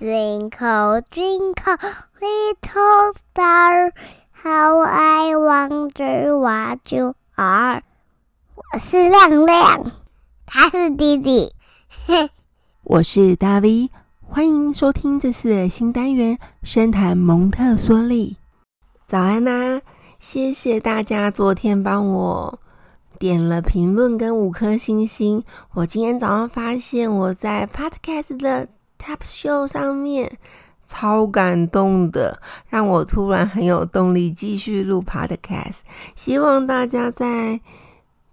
Twinkle, twinkle, little star, how I wonder what you are。我是亮亮，他是弟弟。 我是大衛，歡迎收聽這次的新單元《深談蒙特梭利》。早安啦、啊！謝謝大家昨天幫我點了評論跟五顆星星。我今天早上發現我在 Podcast 的。Tap Show 上面，超感動的，讓我突然很有動力繼續錄 Podcast。希望大家在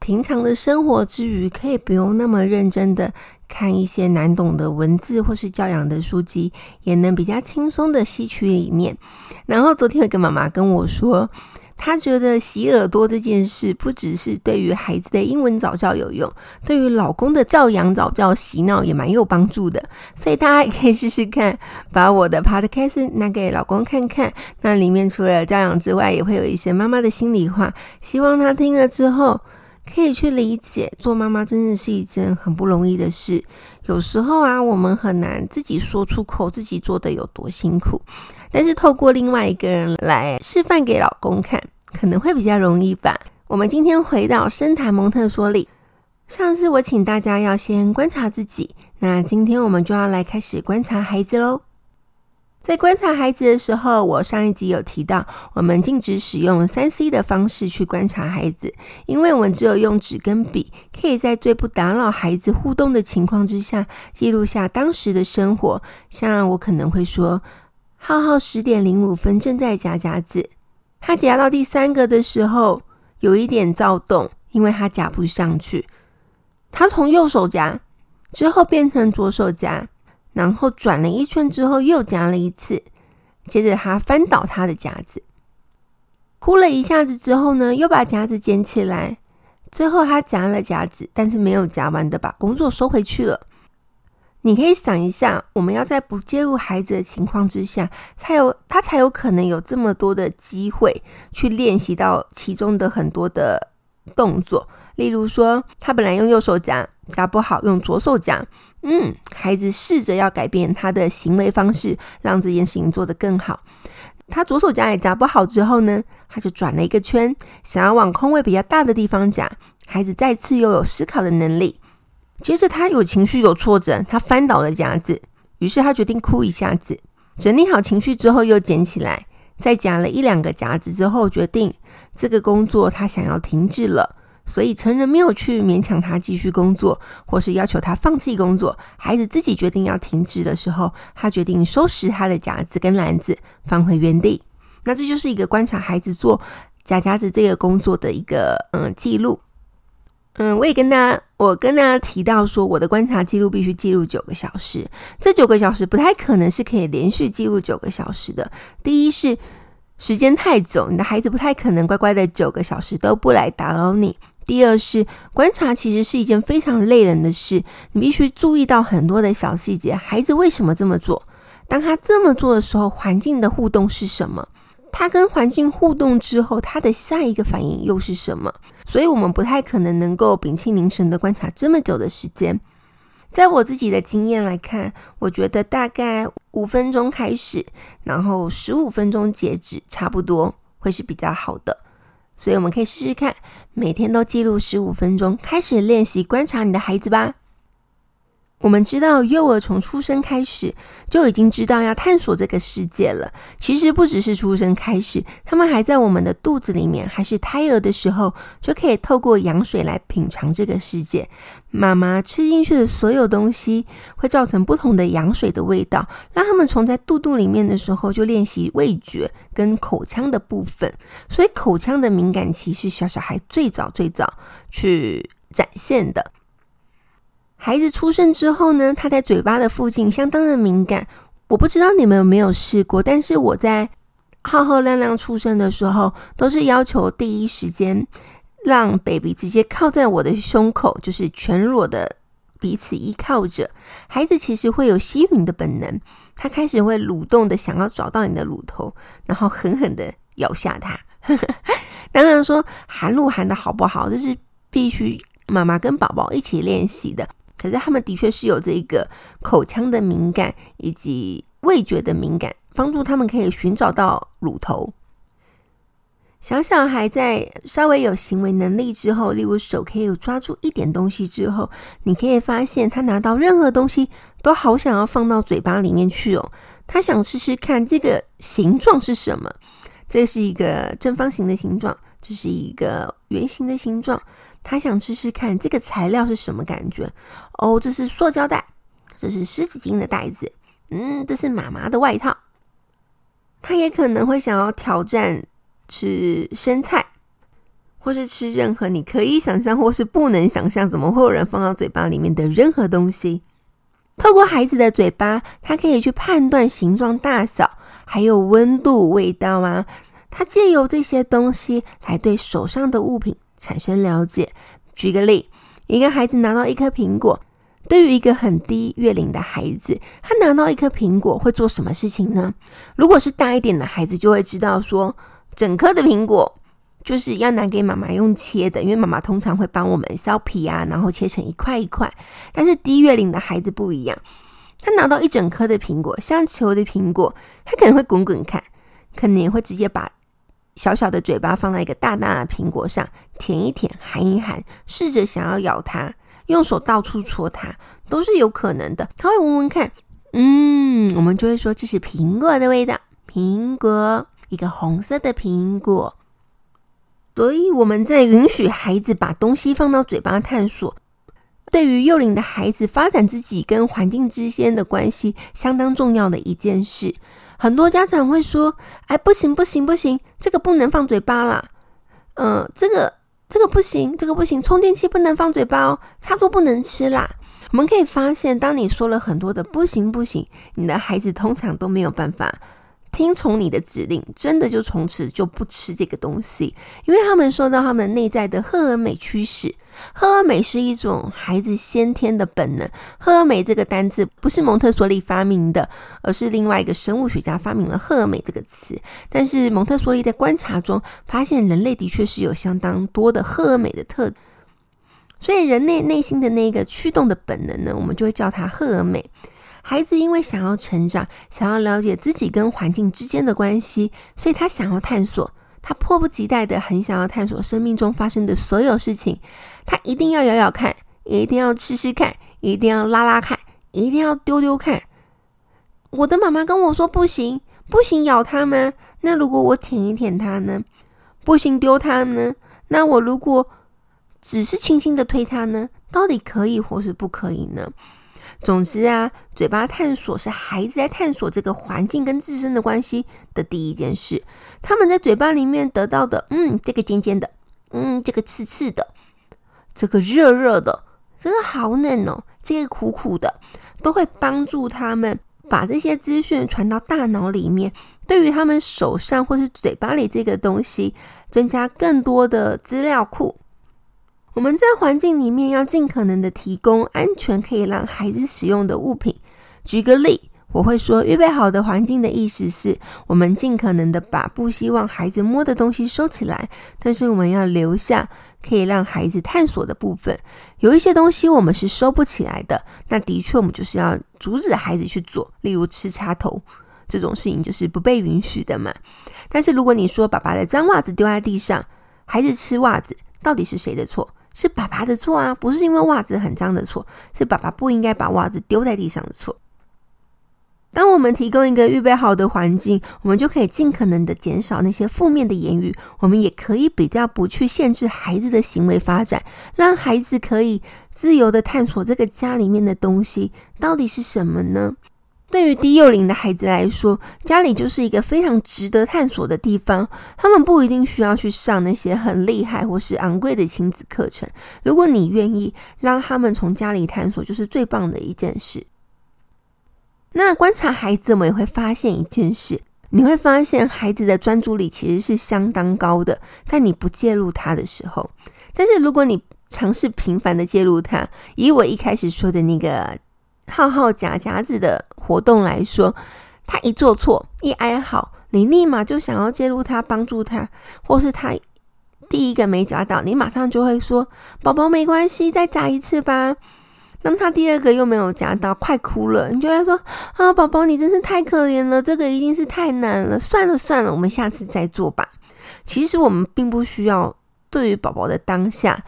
平常的生活之餘，可以不用那麼認真的看一些難懂的文字或是教養的書籍，也能比較輕鬆的吸取理念。然後昨天有個媽媽跟我說。他覺得洗耳朵這件事不只是對於孩子的英文早教有用，對於老公的教養早教洗腦也蠻有幫助的，所以大家也可以試試看，把我的 podcast 拿給老公看看。那裡面除了教養之外，也會有一些媽媽的心裡話，希望他聽了之後可以去理解，做媽媽真的是一件很不容易的事。有時候啊，我們很難自己說出口，自己做得有多辛苦。但是透過另外一個人來示範給老公看，可能會比較容易吧。我們今天回到深談蒙特梭利。上次我請大家要先觀察自己，那今天我們就要來開始觀察孩子嘍。在觀察孩子的時候，我上一集有提到，我們禁止使用三 C 的方式去觀察孩子，因為我們只有用紙跟筆，可以在最不打擾孩子互動的情況之下，記錄下當時的生活。像我可能會說。浩浩十點零五分正在夾夾子，他夾到第三個的時候有一點躁動，因為他夾不上去。他從右手夾，之後變成左手夾，然後轉了一圈之後又夾了一次。接着他翻倒他的夾子，哭了一下子之後呢，又把夾子撿起來。最後他夾了夾子，但是沒有夾完的，把工作收回去了。你可以想一下，我們要在不介入孩子的情況之下，才有，他才有可能有這麼多的機會去練習到其中的很多的動作。例如說，他本來用右手夾夾不好，用左手夾，嗯，孩子試着要改變他的行為方式，讓這件事情做得更好。他左手夾也夾不好之後呢，他就轉了一個圈，想要往空位比較大的地方夾。孩子再次又有思考的能力。接着他有情緒有挫折，他翻倒了夾子，於是他決定哭一下子。整理好情緒之後，又撿起來。在夾了一兩個夾子之後，決定這個工作他想要停止了。所以成人沒有去勉強他繼續工作，或是要求他放棄工作。孩子自己決定要停止的時候，他決定收拾他的夾子跟籃子，放回原地。那這就是一個觀察孩子做夾夾子這個工作的一個，嗯，記錄。嗯，我也跟大家，我跟大家提到說，我的觀察記錄必須記錄九個小時。這九個小時不太可能是可以連續記錄九個小時的。第一是時間太久，你的孩子不太可能乖乖的九個小時都不來打擾你。第二是觀察其實是一件非常累人的事，你必須注意到很多的小細節，孩子為什麼這麼做？當他這麼做的時候，環境的互動是什麼？他跟環境互動之後，他的下一個反應又是什麼？所以我們不太可能能夠屏氣凝神的觀察這麼久的時間。在我自己的經驗來看，我覺得大概五分鐘開始，然後十五分鐘截止，差不多會是比較好的。所以我們可以試試看，每天都記錄十五分鐘，開始練習觀察你的孩子吧。我們知道，幼兒從出生開始就已經知道要探索這個世界了。其實不只是出生開始，他們還在我們的肚子裡面，還是胎兒的時候，就可以透過羊水來品嘗這個世界。媽媽吃進去的所有東西，會造成不同的羊水的味道，讓他們從在肚肚裡面的時候就練習味覺跟口腔的部分。所以，口腔的敏感期是小小孩最早最早去展現的。孩子出生之後呢，他在嘴巴的附近相當的敏感。我不知道你們有沒有試過，但是我在浩浩亮亮出生的時候，都是要求第一時間讓 baby 直接靠在我的胸口，就是全裸的彼此依靠着。孩子其實會有吸吮的本能，他開始會蠕動的想要找到你的乳頭，然後狠狠的咬下它。 當然說含乳含的好不好，這是必須媽媽跟寶寶一起練習的。可是他們的確是有這個口腔的敏感，以及味覺的敏感，幫助他們可以尋找到乳頭。小小孩在稍微有行為能力之後，例如手可以有抓住一點東西之後，你可以發現他拿到任何東西都好想要放到嘴巴裡面去哦，他想試試看這個形狀是什麼，這是一個正方形的形狀。這是一個圓形的形狀，他想試試看這個材料是什麼感覺。哦，這是塑膠袋，這是濕紙巾的袋子。嗯，這是媽媽的外套。他也可能會想要挑戰吃生菜，或是吃任何你可以想象或是不能想象怎麼會有人放到嘴巴裡面的任何東西。透過孩子的嘴巴，他可以去判斷形狀、大小，還有溫度、味道啊。他借由這些東西來對手上的物品產生了解。舉個例，一個孩子拿到一顆蘋果，對於一個很低月齡的孩子，他拿到一顆蘋果會做什麼事情呢？如果是大一點的孩子，就會知道說，整顆的蘋果就是要拿給媽媽用切的，因為媽媽通常會幫我們削皮啊，然後切成一塊一塊。但是低月齡的孩子不一樣，他拿到一整顆的蘋果，像球的蘋果，他可能會滾滾看，可能也會直接把小小的嘴巴放在一個大大的蘋果上，舔一舔，含一含，試着想要咬它，用手到處戳它，都是有可能的。他會聞聞看，嗯，我們就會說這是蘋果的味道，蘋果，一個紅色的蘋果。所以我們在允許孩子把東西放到嘴巴探索，對於幼齡的孩子發展自己跟環境之間的關係，相當重要的一件事。很多家長會說：“哎，不行不行不行，這個不能放嘴巴啦，嗯、呃，這個這個不行，這個不行，充電器不能放嘴巴，哦，插座不能吃啦。”我們可以發現，當你說了很多的“不行不行”，你的孩子通常都沒有辦法，聽從你的指令，真的就從此就不吃這個東西，因為他們受到他們內在的赫而美驅使。赫而美是一種孩子先天的本能。赫而美這個單字不是蒙特梭利發明的，而是另外一個生物學家發明了赫而美這個詞。但是蒙特梭利在觀察中發現，人類的確是有相當多的赫而美的特，所以人類內心的那個驅動的本能呢，我們就會叫它赫而美。孩子因為想要成長，想要了解自己跟環境之間的關係，所以他想要探索，他迫不及待的很想要探索生命中發生的所有事情，他一定要咬咬看，也一定要吃吃看，也一定要拉拉看，也一定要丟丟看。我的媽媽跟我說：“不行，不行，咬它嗎？那如果我舔一舔它呢？不行，丟它呢？那我如果只是輕輕的推它呢？到底可以或是不可以呢？”總之啊，嘴巴探索是孩子在探索這個環境跟自身的關係的第一件事。他們在嘴巴裡面得到的，嗯，這個尖尖的，嗯，這個刺刺的，這個熱熱的，這個好冷哦，這個苦苦的，都會幫助他們把這些資訊傳到大腦裡面，對於他們手上或是嘴巴裡這個東西，增加更多的資料庫。我們在環境裡面要盡可能的提供安全可以讓孩子使用的物品。舉個例，我會說預備好的環境的意思是我們盡可能的把不希望孩子摸的東西收起來，但是我們要留下可以讓孩子探索的部分。有一些東西我們是收不起來的，那的確我們就是要阻止孩子去做，例如吃插頭這種事情就是不被允許的嘛。但是如果你說爸爸的髒襪子丟在地上，孩子吃襪子，到底是誰的錯？是爸爸的錯啊，不是因為襪子很髒的錯，是爸爸不應該把襪子丟在地上的錯。當我們提供一個預備好的環境，我們就可以盡可能的減少那些負面的言語，我們也可以比較不去限制孩子的行為發展，讓孩子可以自由的探索這個家裡面的東西，到底是什麼呢？對於低幼齡的孩子來說，家裡就是一個非常值得探索的地方。他們不一定需要去上那些很厲害或是昂貴的親子課程。如果你願意讓他們從家裡探索，就是最棒的一件事。那觀察孩子，我們也會發現一件事：你會發現孩子的專注力其實是相當高的，在你不介入他的時候。但是如果你嘗試頻繁的介入他，以我一開始說的那個。浩浩夾夾子的活動來說，他一做錯一哀嚎，你立馬就想要介入他幫助他，或是他第一個沒夾到，你馬上就會說：“寶寶沒關係，再夾一次吧。”當他第二個又沒有夾到，快哭了，你就會說：“啊，寶寶你真是太可憐了，這個一定是太難了，算了算了，我們下次再做吧。”其實我們並不需要對於寶寶的當下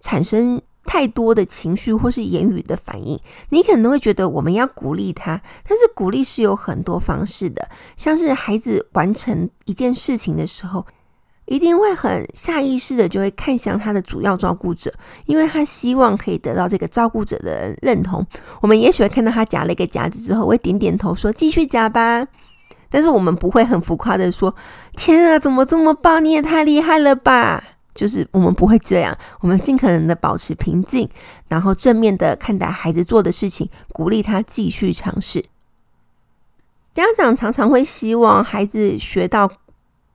產生。太多的情緒或是言語的反應，你可能會覺得我們要鼓勵他，但是鼓勵是有很多方式的。像是孩子完成一件事情的時候，一定會很下意識的就會看向他的主要照顧者，因為他希望可以得到這個照顧者的認同。我們也許會看到他夾了一個夾子之後，我會點點頭說：“繼續夾吧。”但是我們不會很浮誇的說：“天啊，怎麼這麼棒？你也太厲害了吧！”就是我們不會這樣，我們盡可能的保持平靜，然後正面的看待孩子做的事情，鼓勵他繼續嘗試。家長常常會希望孩子學到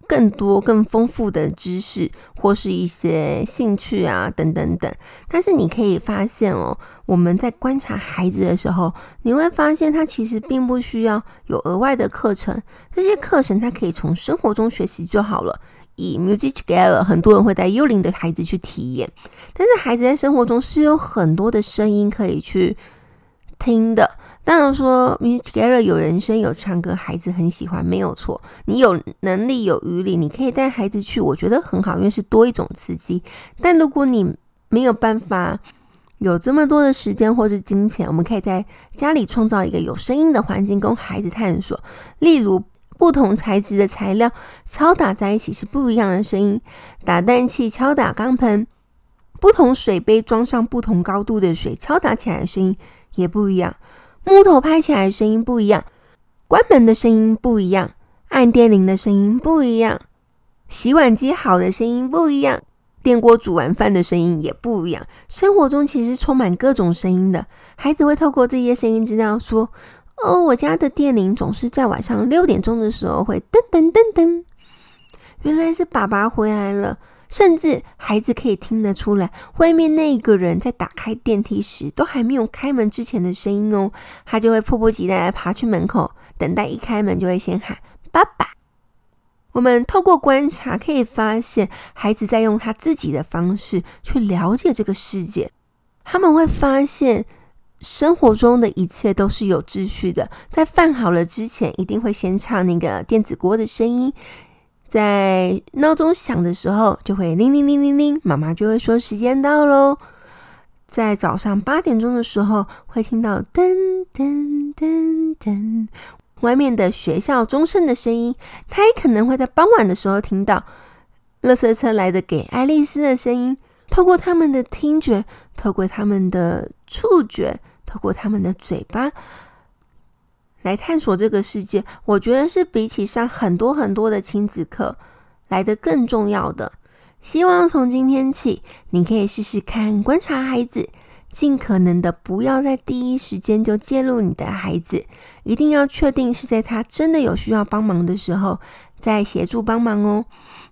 更多、更豐富的知識，或是一些興趣啊，等等等。但是你可以發現哦，我們在觀察孩子的時候，你會發現他其實並不需要有額外的課程，這些課程他可以從生活中學習就好了。Music Together，很多人會帶幼齡的孩子去體驗。但是孩子在生活中是有很多的聲音可以去聽的。當然說 Music Together 有人聲有唱歌，孩子很喜歡，沒有錯。你有能力有餘力，你可以帶孩子去，我覺得很好，因為是多一種刺激。但如果你沒有辦法有這麼多的時間或者金錢，我們可以在家裡創造一個有聲音的環境，供孩子探索，例如。不同材質的材料敲打在一起是不一樣的聲音。打蛋器敲打鋼盆，不同水杯裝上不同高度的水，敲打起來的聲音也不一樣。木頭拍起來的聲音不一樣，關門的聲音不一樣，按電鈴的聲音不一樣，洗碗機好的聲音不一樣，電鍋煮完飯的聲音也不一樣。生活中其實充滿各種聲音的，孩子會透過這些聲音知道說，哦，oh, 我家的電鈴總是在晚上六點鐘的時候會噔噔噔噔，原來是爸爸回來了。甚至孩子可以聽得出來，外面那個人在打開電梯時都還沒有開門之前的聲音哦，他就會迫不及待的爬去門口，等待一開門就會先喊爸爸。我們透過觀察可以發現，孩子在用他自己的方式去了解這個世界，他們會發現。生活中的一切都是有秩序的。在飯好了之前，一定會先唱那個電子鍋的聲音。在鬧鐘響的時候，就會鈴鈴鈴鈴鈴，媽媽就會說時間到嘍、哦。在早上八點鐘的時候，會聽到噔噔噔噔，外面的學校鐘聲的聲音。他也可能會在傍晚的時候聽到，垃圾車來的給愛麗絲的聲音。透過他們的聽覺，透過他們的觸覺。透過他們的嘴巴來探索這個世界，我覺得是比起上很多很多的親子課來得更重要的。希望從今天起，你可以試試看觀察孩子，盡可能的不要在第一時間就介入你的孩子，一定要確定是在他真的有需要幫忙的時候再協助幫忙哦。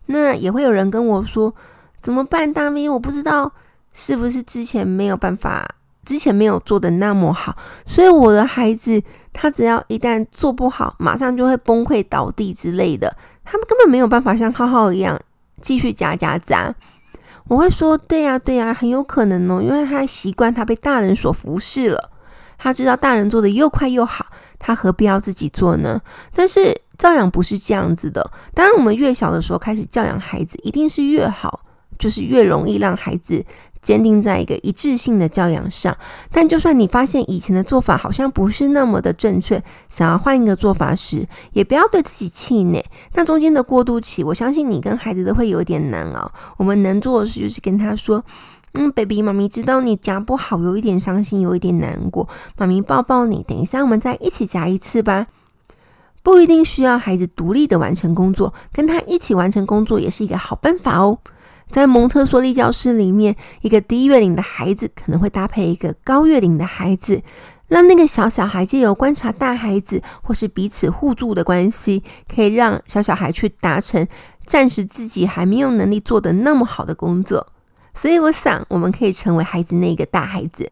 那也會有人跟我說，怎麼辦？大 V，我不知道是不是之前沒有辦法。之前沒有做的那麼好，所以我的孩子他只要一旦做不好，馬上就會崩潰倒地之類的。他們根本沒有辦法像浩浩一樣繼續夾夾夾。我會說，對呀對呀，很有可能哦，因為他習慣他被大人所服侍，了，他知道大人做的又快又好，他何必要自己做呢？但是教養不是這樣子的。當然，我們越小的時候開始教養孩子，一定是越好，就是越容易讓孩子。堅定在一個一致性的教養上，但就算你發現以前的做法好像不是那麼的正確，想要換一個做法時，也不要對自己氣餒。那中間的過渡期，我相信你跟孩子都會有一點難熬。我們能做的事就是跟他說：“嗯，baby，媽咪知道你夾不好，有一點傷心，有一點難過。媽咪抱抱你。等一下，我們再一起夾一次吧。”不一定需要孩子獨立的完成工作，跟他一起完成工作也是一個好辦法哦。在蒙特梭利教室裡面，一個低月齡的孩子可能會搭配一個高月齡的孩子，讓那個小小孩借由觀察大孩子，或是彼此互助的關係，可以讓小小孩去達成暫時自己還沒有能力做的那麼好的工作。所以，我想我們可以成為孩子那個大孩子。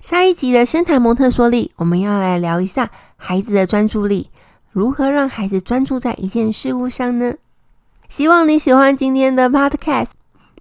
下一集的深談蒙特梭利，我們要來聊一下孩子的專注力，如何讓孩子專注在一件事物上呢？希望你喜歡今天的 podcast。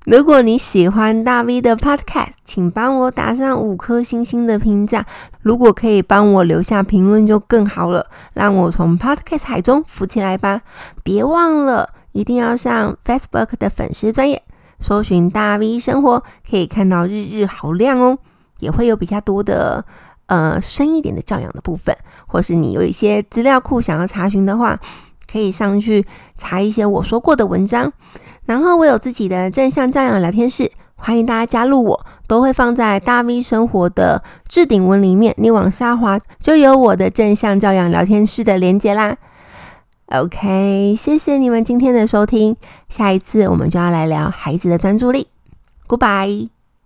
如果你喜歡大 V 的 podcast，請幫我打上五顆星星的評價。如果可以幫我留下評論就更好了，讓我從 podcast 海中浮起來吧。別忘了，一定要上 Facebook 的粉絲專頁，搜尋大 V 生活，可以看到日日好亮哦。也會有比較多的呃深一點的教養的部分，或是你有一些資料庫想要查詢的話，可以上去查一些我說過的文章，然後我有自己的正向教養聊天室，歡迎大家加入我，我都會放在大 V 生活的置頂文裡面，你往下滑就有我的正向教養聊天室的連結啦。OK，謝謝你們今天的收聽，下一次我們就要來聊孩子的專注力。Goodbye。